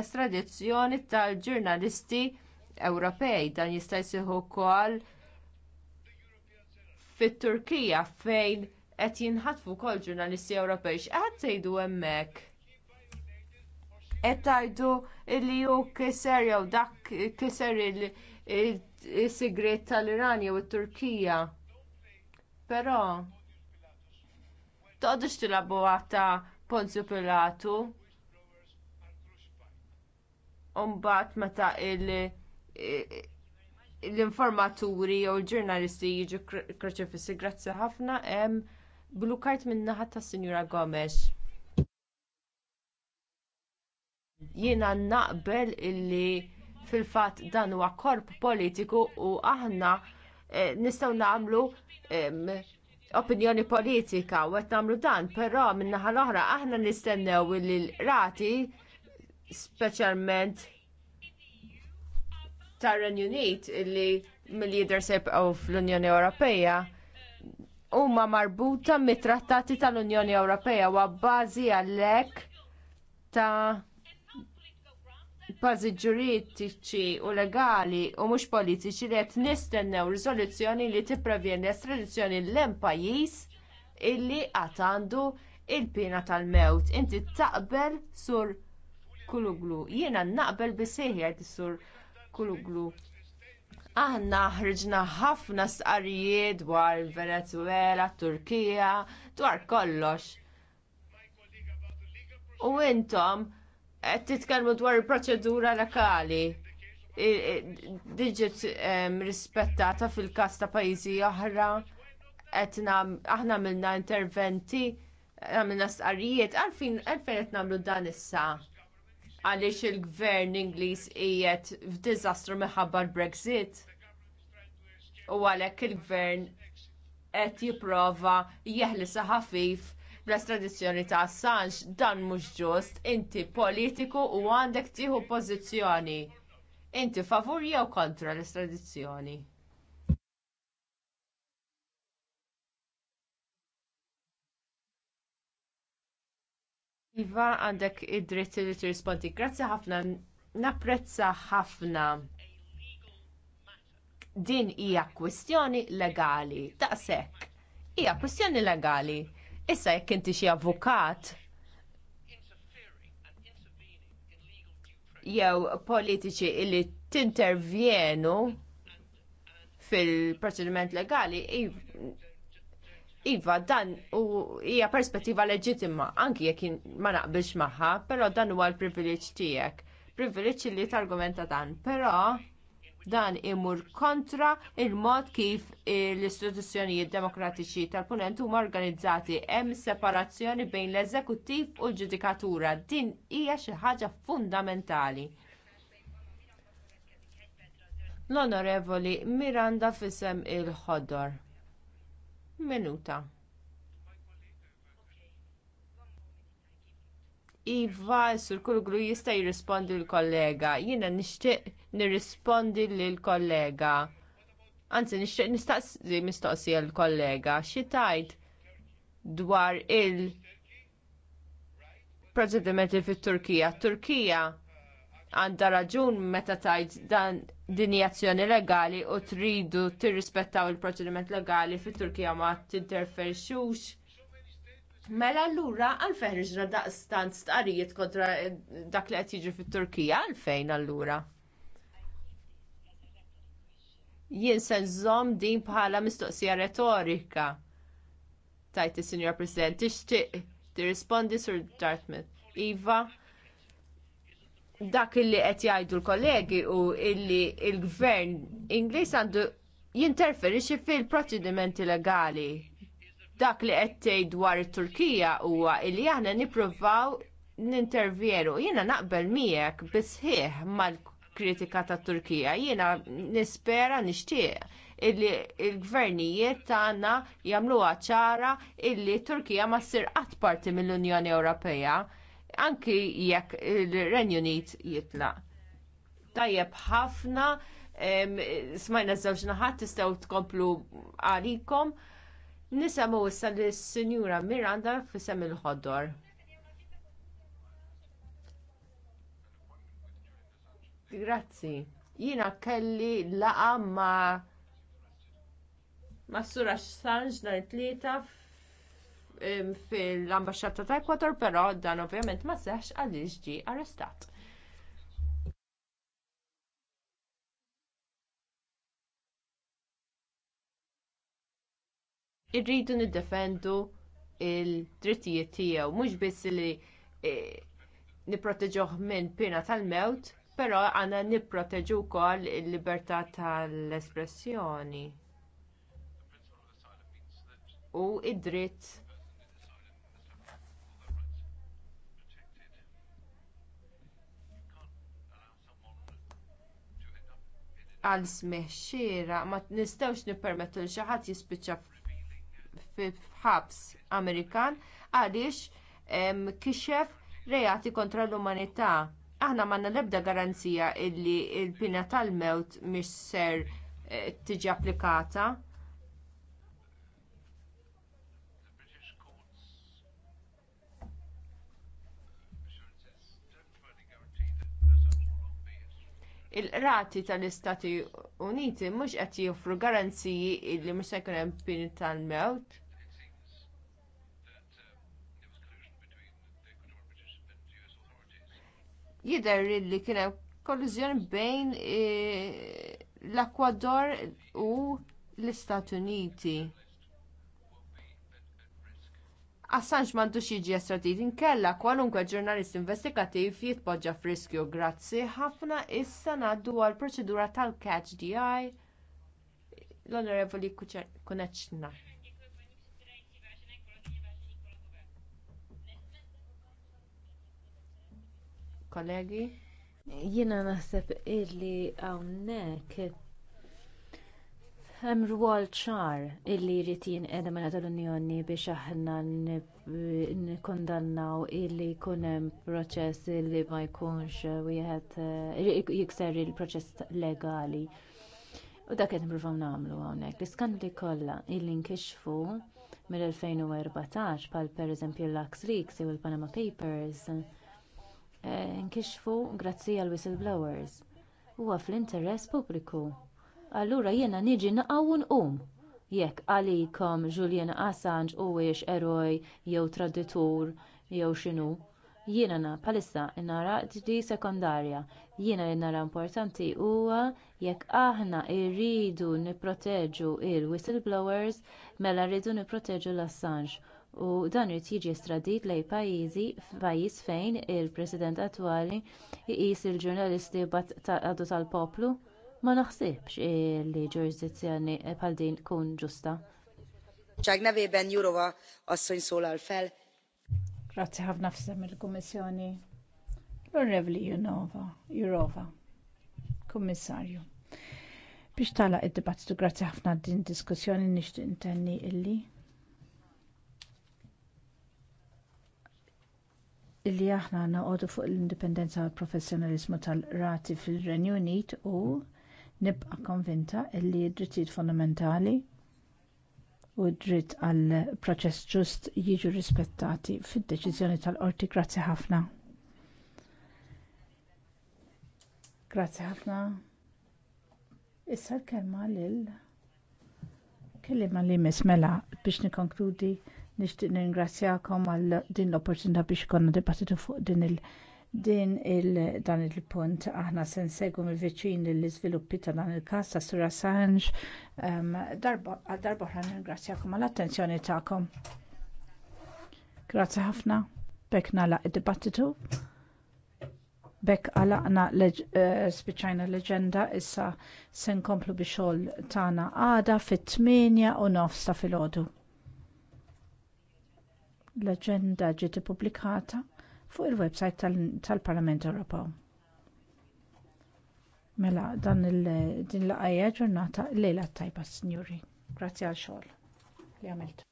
estradizzjoni tal-ġurnalisti Ewropej dan jista' jsieħu wkoll fit-Turkija fejn qed jinħatfu wkoll ġurnalisti Ewropej. X'qed tgħidu hemmhekk? Qed tgħidu li hu kiser jew dak kiser is-sigriet tal-Iran jew it-Turkija. Però toqgħodux tilagħbu ta' Ponzi Pilatu Umbat meta l-informaturi jew l-ġurnalisti jiġu kroċifissi grazzi ħafna hemm blu kart min-naħa tas-Sinjura Gomes. Jiena naqbel illi fil-fatt dan huwa korp politiku u aħna eh, nistgħu nagħmlu opinjoni politika u qed nagħmlu dan, però min-naħa l-oħra aħna nistennew li l-rati speċjalment tar-Renju Unit illi mill leadership sebqgħu fl-Unjoni Ewropea huma marbuta mit-trattati tal-Unjoni Ewropea u bażi għalhekk ta' bażi ġuridiċi u legali u mhux politiċi li qed nistennew riżoluzzjoni li tippravjeni estradizzjoni l-hemm pajjiż illi qatt għandu l pina tal-mewt. Inti taqbel sur Kuluglu. Jiena naqbel bi sur Kuluglu. Aħna ħriġna ħafna sqarijiet dwar Venezuela, Turkija, dwar kollox. U intom qed titkellmu dwar il-proċedura lokali diġet rispettata fil-kas ta' pajjiżi oħra, aħna għamilna interventi, għamilna stqarrijiet, għalfejn qed nagħmlu dan issa għaliex il-gvern Ingliż qiegħed f'diżastru minħabba l-Brexit. U għalhekk il-gvern qed jipprova jeħlisa ħafif bla estradizzjoni ta' Assange dan mhux ġust, inti politiku u għandek tieħu pożizzjoni. Inti favur jew kontra l-estradizzjoni? Iva għandek id-dritt li tirrispondi. Grazzi ħafna, napprezza ħafna. Din hija kwistjoni legali, daqshekk. Hija kwistjoni legali. Issa jekk inti xi avukat jew politiċi illi tintervjenu fil-proċediment legali, Iva, dan u hija perspettiva leġitima, anki jekk ma naqbilx magħha, però dan huwa l-privileġġ tiegħek. Privileġġ li targumenta dan, però dan imur kontra il-mod kif l-istituzzjonijiet demokratiċi tal-punent huma organizzati hemm separazzjoni bejn l-eżekuttiv u l-ġudikatura. Din hija xi ħaġa fundamentali. L-Onorevoli Miranda fisem il-ħodor. Minuta. Iva, sur kull gru jista jirrispondi l-kollega. Jina nishtiq nirrispondi l-kollega. Anzi, nishtiq nistaqsi mistoqsi l-kollega. Xitajt dwar il- proċedimenti fit-Turkija. Turkija għandha raġun meta tajt dan dinjazzjoni azzjoni legali u tridu tirrispettaw il-proċediment legali fit-Turkija ma tinterferxux. Mela allura għal iġra daqstant stqarijiet kontra dak li qed jiġri fit-Turkija għalfejn allura? Jien se nżomm din bħala mistoqsija retorika. Tajt is-Sinjor President tixtieq tirrispondi sur Dartmouth. Iva, dak illi qed jgħidu l-kollegi u illi il-gvern Ingliż għandu jinterferixi fil-proċedimenti legali. Dak li qed tgħid dwar it-Turkija huwa illi aħna nippruvaw nintervjeru. Jiena naqbel miegħek bisħieħ mal-kritika tat Turkija. Jiena nispera nixtieq illi il-gvernijiet tagħna jagħmluha ċara illi Turkija ma ssir qatt parti mill-Unjoni Ewropea anki jekk il-Renju Unit jitlaq. Tajjeb ħafna, smajna żewġ naħat tistgħu tkomplu għalikom. Nisamu issa lis-Sinjura Miranda fisem il-ħoddor. Grazzi. Jiena kelli laqa ma' ma' Sura Sanġ nhar tlieta fil-ambasċata ta' Ekwator, però dan ovvjament ma seħx għaliex ġie arrestat. Irridu niddefendu il drittijiet tiegħu mhux biss li e, nipproteġuh minn pina tal-mewt, però għandna nipproteġu wkoll il-libertà tal-espressjoni u id-dritt għal xiera ma nistgħux nippermettu li xi ħadd jispiċċa f'ħabs Amerikan għaliex kixef reati kontra l-umanità. Aħna m'għandna l-ebda garanzija li l-pina tal-mewt mhix ser eh, tiġi applikata. il qrati tal-Istati Uniti mhux qed joffru garanziji li mhux se jkun hemm pini tal-mewt. Jidher li kien hemm kollużjoni bejn eh, l-Ekwador u l-Istati Uniti. Assange m'għandux jiġi estradit inkella kwalunkwe ġurnalist investigativ jitpoġġa f'riskju. Grazzi ħafna issa naddu għal proċedura tal-catch DI l-Onorevoli Kuneċna. Kollegi? Jiena naħseb illi hawnhekk hemm rwol ċar illi jrid jinqeda mela tal-Unjoni biex aħna nikkondannaw illi jkun hemm proċess li ma jkunx wieħed eh, jikser il-proċess legali. U dak qed nippruvaw nagħmlu hawnhekk. L-iskandli kollha illi nkixfu mill-2014 bħal pereżempju l-Lux Leaks jew il-Panama Papers eh, nkixfu grazzi għall whistleblowers huwa fl-interess pubbliku allura jiena niġi naqgħu nqum. Jekk għalikom Julian Assange huwiex eroj jew traditur jew x'inhu. Jiena na palissa nara di sekondarja. Jiena li nara importanti huwa jekk aħna rridu nipproteġu il-whistleblowers mela rridu nipproteġu l-Assange u dan irid jiġi stradit lejn pajjiżi pajjiż fejn il-President attwali jqis il-ġurnalisti għadu tal-poplu ma naħsibx li ġurisdizzjoni bħal din tkun ġusta. ċagna ben Jurova għassin sol għal-fel. Grazzi ħafna f'sem il-Kummissjoni. L-Onrevli Junova, Jurova, Kummissarju. Biex tala id-dibattitu grazie ħafna din diskussjoni nixtieq intenni illi illi aħna għodu fuq l-indipendenza u professjonalizmu professjonaliżmu tal-rati fil renju Unit u nibqa' konvinta li d-drittijiet fundamentali u d-dritt għal proċess ġust jiġu rispettati fid-deċiżjoni tal-qorti grazzi ħafna. Grazzi ħafna. Issa l-kelma lil kelliema li mismela, mela biex nikkonkludi nixtieq ningrazzjakom għal din l-opportunità biex ikonna dibattitu fuq din il- din il dan il-punt aħna se nsegwu mill-viċin l-iżviluppi ta' dan il-każ ta' Sur Assange darba għal darba oħra ningrazzjakom għall attenzjoni tagħkom. Grazzi ħafna. Bekk nagħlaq id-dibattitu. Bekk għalaqna leġ, l eh, spiċajna leġenda issa se nkomplu bi xogħol tagħna għada fit tminja u nofs ta' filgħodu. L-aġenda ġiet ippubblikata fuq il-website tal-Parlament Ewropew. Mela, dan il-din laqajja ġurnata lejla tajba, signori. Grazzi għal xogħol li għamilt.